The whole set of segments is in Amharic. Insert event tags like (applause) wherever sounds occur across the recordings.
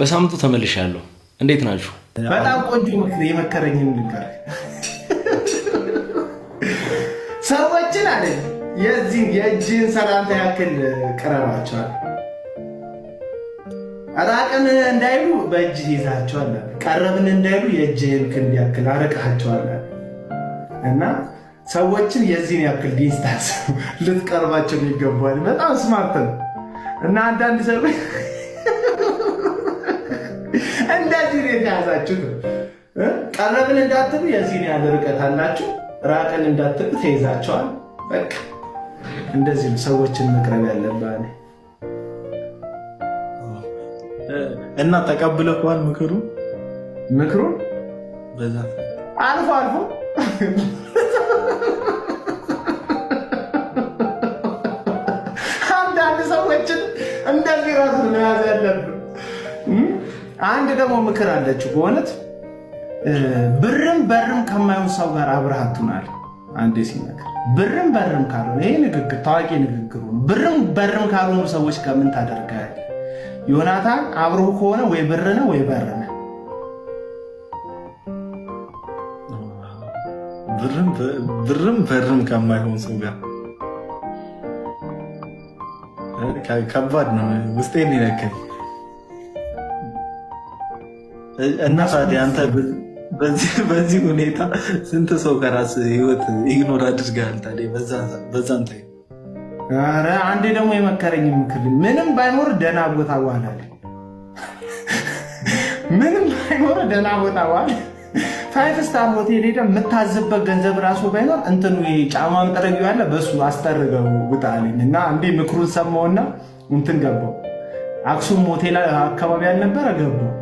በሳምንቱ ተመልሻለሁ። እንዴት ናችሁ? በጣም ቆንጆ ምክር የመከረኝ ምንቀር ሰዎችን አለ የዚህን የእጅን ሰላምታ ያክል ቅረባቸዋል። ራቅን እንዳይሉ በእጅ ይዛቸዋለ። ቀረብን እንዳይሉ የእጅህን ክንድ ያክል አርቃቸዋል። እና ሰዎችን የዚህን ያክል ዲስታንስ ልትቀርባቸው ይገባል። በጣም ስማርት ነው እና አንዳንድ ሰዎች እንደዚህ ነው የተያዛችሁት። ቀረብን እንዳትሉ የዚህን ያህል ርቀት አላችሁ፣ ራቀን እንዳትሉ ተይዛቸዋል። በቃ እንደዚህ ነው ሰዎችን መቅረብ ያለባል። እና ተቀብለዋል። ምክሩ ምክሩ በዛ አልፎ አልፎ አንዳንድ ሰዎችን እንደዚህ ራሱ መያዝ የያዘ አንድ ደግሞ ምክር አለችው በእውነት ብርም በርም ከማይሆን ሰው ጋር አብረህ አትሆናለህ። አንዴ ሲነገር ብርም በርም ካልሆነ ይሄ ንግግር ታዋቂ ንግግሩ ነው። ብርም በርም ካልሆኑ ሰዎች ጋር ምን ታደርጋለህ? ዮናታን አብረው ከሆነ ወይ ብር ነህ ወይ በር ነህ። ብርም ብርም በርም ከማይሆን ሰው ጋር ከባድ ነው። ውስጤን ይነካል። እና ታዲያ አንተ በዚህ ሁኔታ ስንት ሰው ከራስ ህይወት ኢግኖር አድርገሃል። ታዲያ በዛን ታይ ኧረ አንዴ ደግሞ የመከረኝ ምክር ምንም ባይኖር ደህና ቦታ ዋላል። ምንም ባይኖር ደህና ቦታ ዋል። ፋይቭ ስታር ሆቴል ሄደ የምታዝበት ገንዘብ ራሱ ባይኖር እንትኑ ጫማ መጠረጊ ያለ በሱ አስጠርገው ውጣልኝ እና አንዴ ምክሩን ሰማውና እንትን ገባው አክሱም ሆቴል አካባቢ ያልነበረ ገባው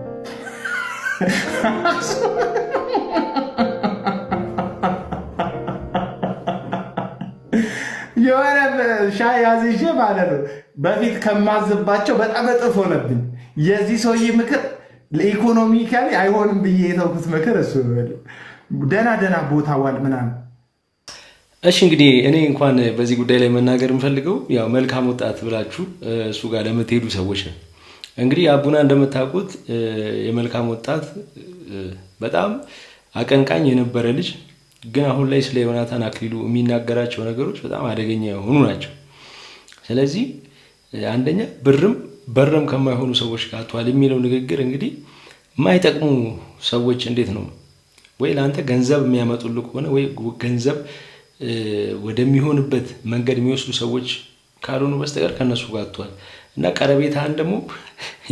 የሆነ ሻይ ያዝዤ ማለት ነው። በፊት ከማዝባቸው በጣም እጥፍ ሆነብኝ። የዚህ ሰውዬ ምክር ለኢኮኖሚካሊ አይሆንም ብዬ የተውኩት ምክር እሱ ደና ደና ቦታ ዋል ምናምን። እሺ እንግዲህ እኔ እንኳን በዚህ ጉዳይ ላይ መናገር የምፈልገው ያው መልካም ወጣት ብላችሁ እሱ ጋር ለምትሄዱ ሰዎች ነው እንግዲህ አቡና እንደምታውቁት የመልካም ወጣት በጣም አቀንቃኝ የነበረ ልጅ ግን አሁን ላይ ስለ ዮናታን አክሊሉ የሚናገራቸው ነገሮች በጣም አደገኛ የሆኑ ናቸው። ስለዚህ አንደኛ ብርም በርም ከማይሆኑ ሰዎች ጋር አቷል የሚለው ንግግር እንግዲህ የማይጠቅሙ ሰዎች እንዴት ነው ወይ ለአንተ ገንዘብ የሚያመጡል ከሆነ ወይ ገንዘብ ወደሚሆንበት መንገድ የሚወስዱ ሰዎች ካልሆኑ በስተቀር ከእነሱ ጋር አቷል እና ቀረቤታህን ደግሞ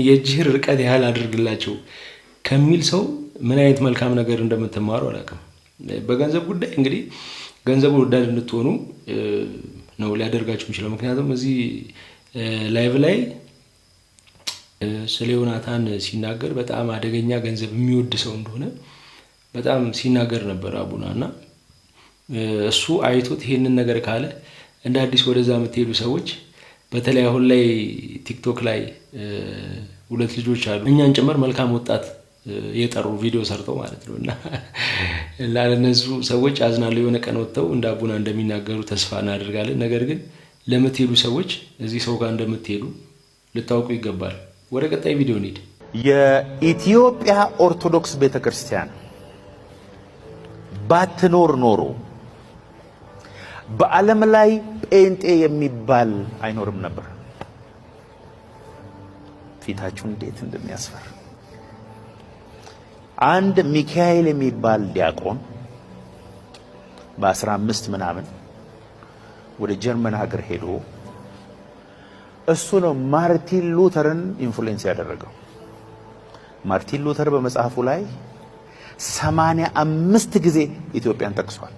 የእጅህ ርቀት ያህል አድርግላቸው ከሚል ሰው ምን አይነት መልካም ነገር እንደምትማሩ አላውቅም። በገንዘብ ጉዳይ እንግዲህ ገንዘብ ወዳድ እንድትሆኑ ነው ሊያደርጋችሁ የሚችለው። ምክንያቱም እዚህ ላይቭ ላይ ስለ ዮናታን ሲናገር በጣም አደገኛ ገንዘብ የሚወድ ሰው እንደሆነ በጣም ሲናገር ነበር አቡና እና እሱ አይቶት ይሄንን ነገር ካለ እንደ አዲስ ወደዛ የምትሄዱ ሰዎች በተለይ አሁን ላይ ቲክቶክ ላይ ሁለት ልጆች አሉ እኛን ጭምር መልካም ወጣት የጠሩ ቪዲዮ ሰርተው ማለት ነው። እና ላለነዙ ሰዎች አዝናለሁ። የሆነ ቀን ወጥተው እንደ አቡና እንደሚናገሩ ተስፋ እናደርጋለን። ነገር ግን ለምትሄዱ ሰዎች እዚህ ሰው ጋር እንደምትሄዱ ልታውቁ ይገባል። ወደ ቀጣይ ቪዲዮ እንሂድ። የኢትዮጵያ ኦርቶዶክስ ቤተክርስቲያን ባትኖር ኖሮ በዓለም ላይ ጴንጤ የሚባል አይኖርም ነበር። ፊታችሁ እንዴት እንደሚያስፈር! አንድ ሚካኤል የሚባል ዲያቆን በ15 ምናምን ወደ ጀርመን ሀገር ሄዶ እሱ ነው ማርቲን ሉተርን ኢንፍሉዌንስ ያደረገው። ማርቲን ሉተር በመጽሐፉ ላይ ሰማንያ አምስት ጊዜ ኢትዮጵያን ጠቅሷል።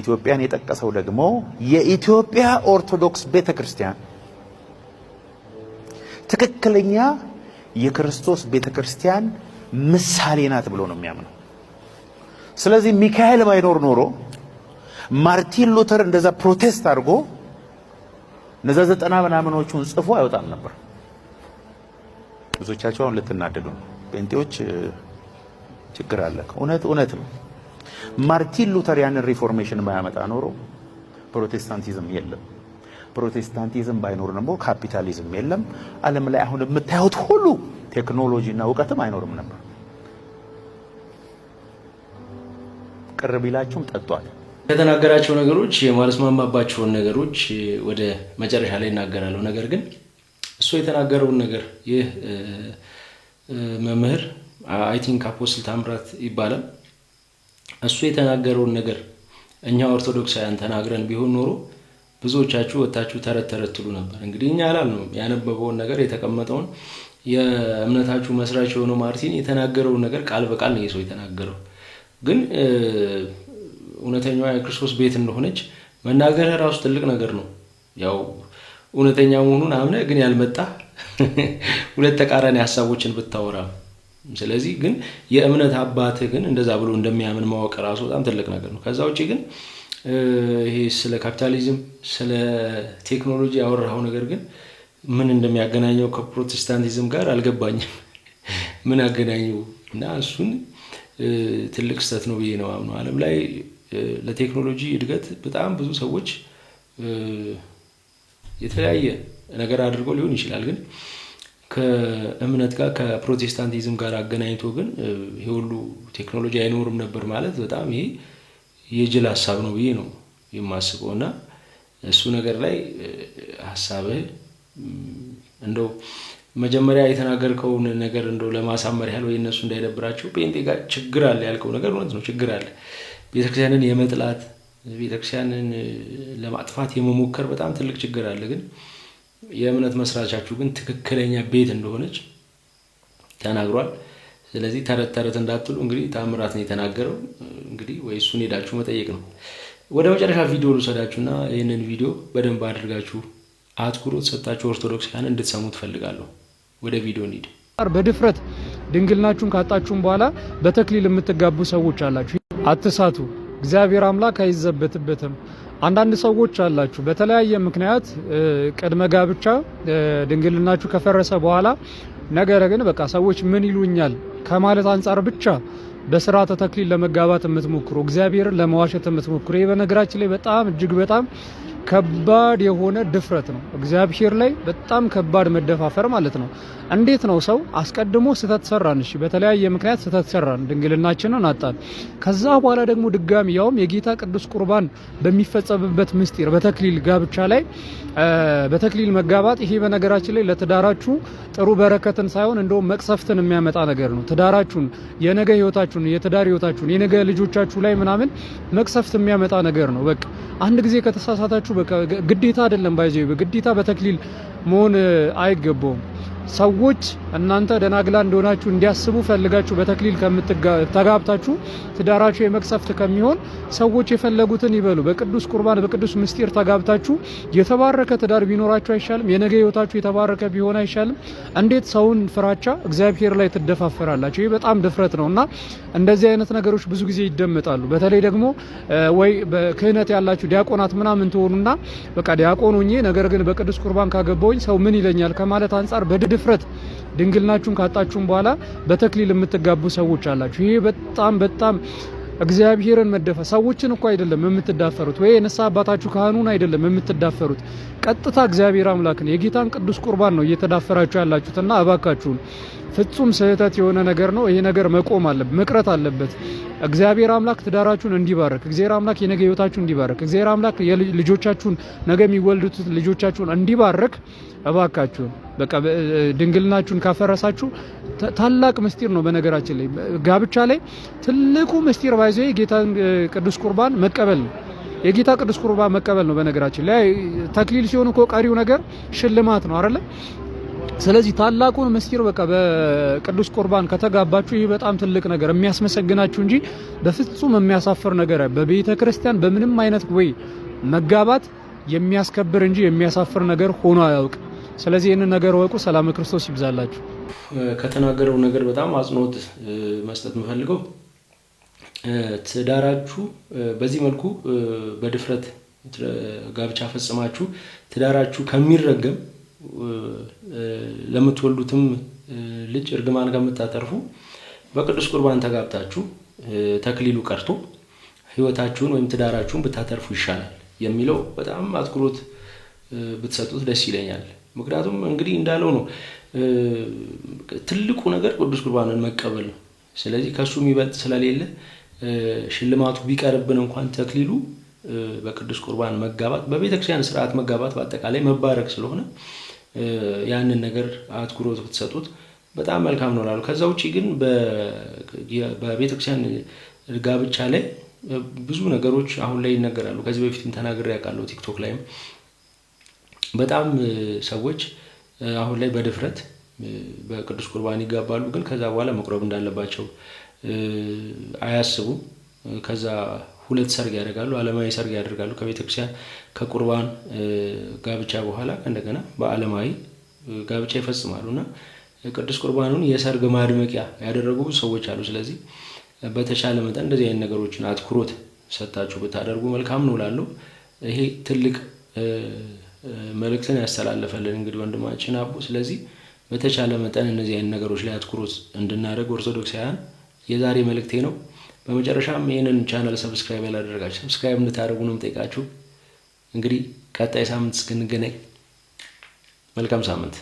ኢትዮጵያን የጠቀሰው ደግሞ የኢትዮጵያ ኦርቶዶክስ ቤተ ክርስቲያን ትክክለኛ የክርስቶስ ቤተ ክርስቲያን ምሳሌ ናት ብሎ ነው የሚያምነው። ስለዚህ ሚካኤል ባይኖር ኖሮ ማርቲን ሉተር እንደዛ ፕሮቴስት አድርጎ እነዛ ዘጠና ምናምኖቹን ጽፎ አይወጣም ነበር። ብዙዎቻቸው አሁን ልትናደዱ ነው። ጴንጤዎች ችግር አለ። እውነት እውነት ነው። ማርቲን ሉተር ያንን ሪፎርሜሽን ባያመጣ ኖሮ ፕሮቴስታንቲዝም የለም። ፕሮቴስታንቲዝም ባይኖር ደግሞ ካፒታሊዝም የለም። ዓለም ላይ አሁን የምታዩት ሁሉ ቴክኖሎጂና እውቀትም አይኖርም ነበር። ቅር ቢላችሁም ጠጧል። ከተናገራቸው ነገሮች የማልስማማባቸውን ነገሮች ወደ መጨረሻ ላይ እናገራለሁ። ነገር ግን እሱ የተናገረውን ነገር ይህ መምህር አይ ቲንክ አፖስትል ታምራት ይባላል እሱ የተናገረውን ነገር እኛ ኦርቶዶክሳውያን ተናግረን ቢሆን ኖሮ ብዙዎቻችሁ ወታችሁ ተረት ተረት ትሉ ነበር። እንግዲህ እኛ አላልነውም። ያነበበውን ነገር የተቀመጠውን የእምነታችሁ መስራች የሆነው ማርቲን የተናገረውን ነገር ቃል በቃል ነው የሰው የተናገረው። ግን እውነተኛዋ የክርስቶስ ቤት እንደሆነች መናገር ራሱ ትልቅ ነገር ነው። ያው እውነተኛ መሆኑን አምነ ግን ያልመጣ (laughs) ሁለት ተቃራኒ ሀሳቦችን ብታወራ ስለዚህ ግን የእምነት አባት ግን እንደዛ ብሎ እንደሚያምን ማወቅ ራሱ በጣም ትልቅ ነገር ነው። ከዛ ውጭ ግን ይሄ ስለ ካፒታሊዝም ስለ ቴክኖሎጂ ያወራኸው ነገር ግን ምን እንደሚያገናኘው ከፕሮቴስታንቲዝም ጋር አልገባኝም። (laughs) ምን አገናኘው? እና እሱን ትልቅ ስተት ነው ብዬ ነው አምነው። አለም ላይ ለቴክኖሎጂ እድገት በጣም ብዙ ሰዎች የተለያየ ነገር አድርገው ሊሆን ይችላል ግን ከእምነት ጋር ከፕሮቴስታንቲዝም ጋር አገናኝቶ ግን ይሄ ሁሉ ቴክኖሎጂ አይኖርም ነበር ማለት በጣም ይሄ የጅል ሀሳብ ነው ብዬ ነው የማስበው። እና እሱ ነገር ላይ ሀሳብህ እንደው መጀመሪያ የተናገርከውን ነገር እንደው ለማሳመር ያህል ወይ እነሱ እንዳይደብራቸው ጴንጤ ጋር ችግር አለ ያልከው ነገር እውነት ነው፣ ችግር አለ። ቤተክርስቲያንን የመጥላት ቤተክርስቲያንን ለማጥፋት የመሞከር በጣም ትልቅ ችግር አለ ግን የእምነት መስራቻችሁ ግን ትክክለኛ ቤት እንደሆነች ተናግሯል። ስለዚህ ተረት ተረት እንዳትሉ እንግዲህ ታምራት ነው የተናገረው። እንግዲህ ወይ እሱን ሄዳችሁ መጠየቅ ነው። ወደ መጨረሻ ቪዲዮ ልውሰዳችሁና ይህንን ቪዲዮ በደንብ አድርጋችሁ አትኩሮት ሰጣችሁ ኦርቶዶክሳውያን እንድትሰሙ ትፈልጋለሁ። ወደ ቪዲዮ እንሂድ። በድፍረት ድንግልናችሁን ካጣችሁም በኋላ በተክሊል የምትጋቡ ሰዎች አላችሁ። አትሳቱ፣ እግዚአብሔር አምላክ አይዘበትበትም። አንዳንድ ሰዎች አላችሁ በተለያየ ምክንያት ቅድመ ጋብቻ ድንግልናችሁ ከፈረሰ በኋላ ነገረ ግን በቃ ሰዎች ምን ይሉኛል ከማለት አንጻር ብቻ በስራ ተክሊል ለመጋባት የምትሞክሩ እግዚአብሔርን ለመዋሸት የምትሞክሩ ይህ በነገራችን ላይ በጣም እጅግ በጣም ከባድ የሆነ ድፍረት ነው። እግዚአብሔር ላይ በጣም ከባድ መደፋፈር ማለት ነው። እንዴት ነው ሰው አስቀድሞ ስህተት ሰራን፣ እሺ፣ በተለያየ ምክንያት ስህተት ሰራን፣ ድንግልናችንን አጣን። ከዛ በኋላ ደግሞ ድጋሚ ያውም የጌታ ቅዱስ ቁርባን በሚፈጸምበት ምስጢር በተክሊል ጋብቻ ላይ በተክሊል መጋባት ይሄ በነገራችን ላይ ለትዳራችሁ ጥሩ በረከትን ሳይሆን እንደውም መቅሰፍትን የሚያመጣ ነገር ነው። ትዳራችሁን፣ የነገ ህይወታችሁን፣ የትዳር ህይወታችሁን፣ የነገ ልጆቻችሁ ላይ ምናምን መቅሰፍት የሚያመጣ ነገር ነው። በቃ አንድ ጊዜ ከተሳሳታችሁ በቃ ግዴታ አይደለም ባይዘ ግዴታ በተክሊል መሆን አይገባውም ሰዎች እናንተ ደናግላ እንደሆናችሁ እንዲያስቡ ፈልጋችሁ በተክሊል ተጋብታችሁ ትዳራችሁ የመቅሰፍት ከሚሆን ሰዎች የፈለጉትን ይበሉ። በቅዱስ ቁርባን በቅዱስ ምስጢር ተጋብታችሁ የተባረከ ትዳር ቢኖራችሁ አይሻልም? የነገ ህይወታችሁ የተባረከ ቢሆን አይሻልም? እንዴት ሰውን ፍራቻ እግዚአብሔር ላይ ትደፋፈራላችሁ? ይህ በጣም ድፍረት ነው እና እንደዚህ አይነት ነገሮች ብዙ ጊዜ ይደመጣሉ። በተለይ ደግሞ ወይ ክህነት ያላችሁ ዲያቆናት ምናምን ትሆኑና በቃ ዲያቆን ሆኜ ነገር ግን በቅዱስ ቁርባን ካገባውኝ ሰው ምን ይለኛል ከማለት አንጻር በድፍረት ድንግልናችሁን ካጣችሁም በኋላ በተክሊል የምትጋቡ ሰዎች አላችሁ። ይሄ በጣም በጣም እግዚአብሔርን መደፈር ሰዎችን እኮ አይደለም የምትዳፈሩት፣ ወይ የነሳ አባታችሁ ካህኑን አይደለም የምትዳፈሩት፣ ቀጥታ እግዚአብሔር ነው። የጌታን ቅዱስ ቁርባን ነው እየተዳፈራችሁ ያላችሁትና እባካችሁን ፍጹም ስህተት የሆነ ነገር ነው። ይሄ ነገር መቆም አለበት፣ መቅረት አለበት። እግዚአብሔር አምላክ ትዳራችሁን እንዲባርክ፣ እግዚአብሔር አምላክ የነገ ህይወታችሁን እንዲባርክ፣ እግዚአብሔር አምላክ ልጆቻችሁን ነገ የሚወልዱት ልጆቻችሁን እንዲባርክ እባካችሁን በቃ ድንግልናችሁን ካፈረሳችሁ ታላቅ ምስጢር ነው። በነገራችን ላይ ጋብቻ ላይ ትልቁ ምስጢር ባይዘ የጌታ ቅዱስ ቁርባን መቀበል ነው። የጌታ ቅዱስ ቁርባን መቀበል ነው። በነገራችን ላይ ተክሊል ሲሆን እኮ ቀሪው ነገር ሽልማት ነው አይደለ? ስለዚህ ታላቁን ምስጢር በቃ በቅዱስ ቁርባን ከተጋባችሁ ይህ በጣም ትልቅ ነገር የሚያስመሰግናችሁ እንጂ በፍጹም የሚያሳፍር ነገር በቤተ ክርስቲያን በምንም አይነት ወይ መጋባት የሚያስከብር እንጂ የሚያሳፍር ነገር ሆኖ አያውቅ። ስለዚህ ይህንን ነገር ወቁ። ሰላም ክርስቶስ ይብዛላችሁ። ከተናገረው ነገር በጣም አጽንኦት መስጠት የምፈልገው ትዳራችሁ በዚህ መልኩ በድፍረት ጋብቻ ፈጽማችሁ ትዳራችሁ ከሚረገም ለምትወልዱትም ልጅ እርግማን ከምታተርፉ በቅዱስ ቁርባን ተጋብታችሁ ተክሊሉ ቀርቶ ህይወታችሁን ወይም ትዳራችሁን ብታተርፉ ይሻላል የሚለው በጣም አትኩሮት ብትሰጡት ደስ ይለኛል። ምክንያቱም እንግዲህ እንዳለው ነው ትልቁ ነገር ቅዱስ ቁርባንን መቀበል ነው። ስለዚህ ከእሱ የሚበልጥ ስለሌለ ሽልማቱ ቢቀርብን እንኳን ተክሊሉ በቅዱስ ቁርባን መጋባት በቤተክርስቲያን ስርዓት መጋባት በአጠቃላይ መባረክ ስለሆነ ያንን ነገር አትኩሮት ብትሰጡት በጣም መልካም ነው ላሉ። ከዛ ውጭ ግን በቤተክርስቲያን ጋብቻ ላይ ብዙ ነገሮች አሁን ላይ ይነገራሉ። ከዚህ በፊትም ተናግሬ ያውቃለሁ። ቲክቶክ ላይም በጣም ሰዎች አሁን ላይ በድፍረት በቅዱስ ቁርባን ይጋባሉ፣ ግን ከዛ በኋላ መቁረብ እንዳለባቸው አያስቡም። ከዛ ሁለት ሰርግ ያደርጋሉ። ዓለማዊ ሰርግ ያደርጋሉ። ከቤተክርስቲያን ከቁርባን ጋብቻ በኋላ እንደገና በዓለማዊ ጋብቻ ይፈጽማሉ እና ቅዱስ ቁርባኑን የሰርግ ማድመቂያ ያደረጉ ብዙ ሰዎች አሉ። ስለዚህ በተሻለ መጠን እንደዚህ አይነት ነገሮችን አትኩሮት ሰጣችሁ ብታደርጉ መልካም ነው እላለሁ። ይሄ ትልቅ መልእክትን ያስተላለፈልን እንግዲህ ወንድማችን አቡ። ስለዚህ በተቻለ መጠን እነዚህ አይነት ነገሮች ላይ አትኩሮት እንድናደርግ ኦርቶዶክሳውያን የዛሬ መልእክቴ ነው። በመጨረሻም ይህንን ቻናል ሰብስክራይብ ያላደረጋችሁ ሰብስክራይብ እንድታደርጉ ነው የምጠይቃችሁ። እንግዲህ ቀጣይ ሳምንት እስክንገናኝ መልካም ሳምንት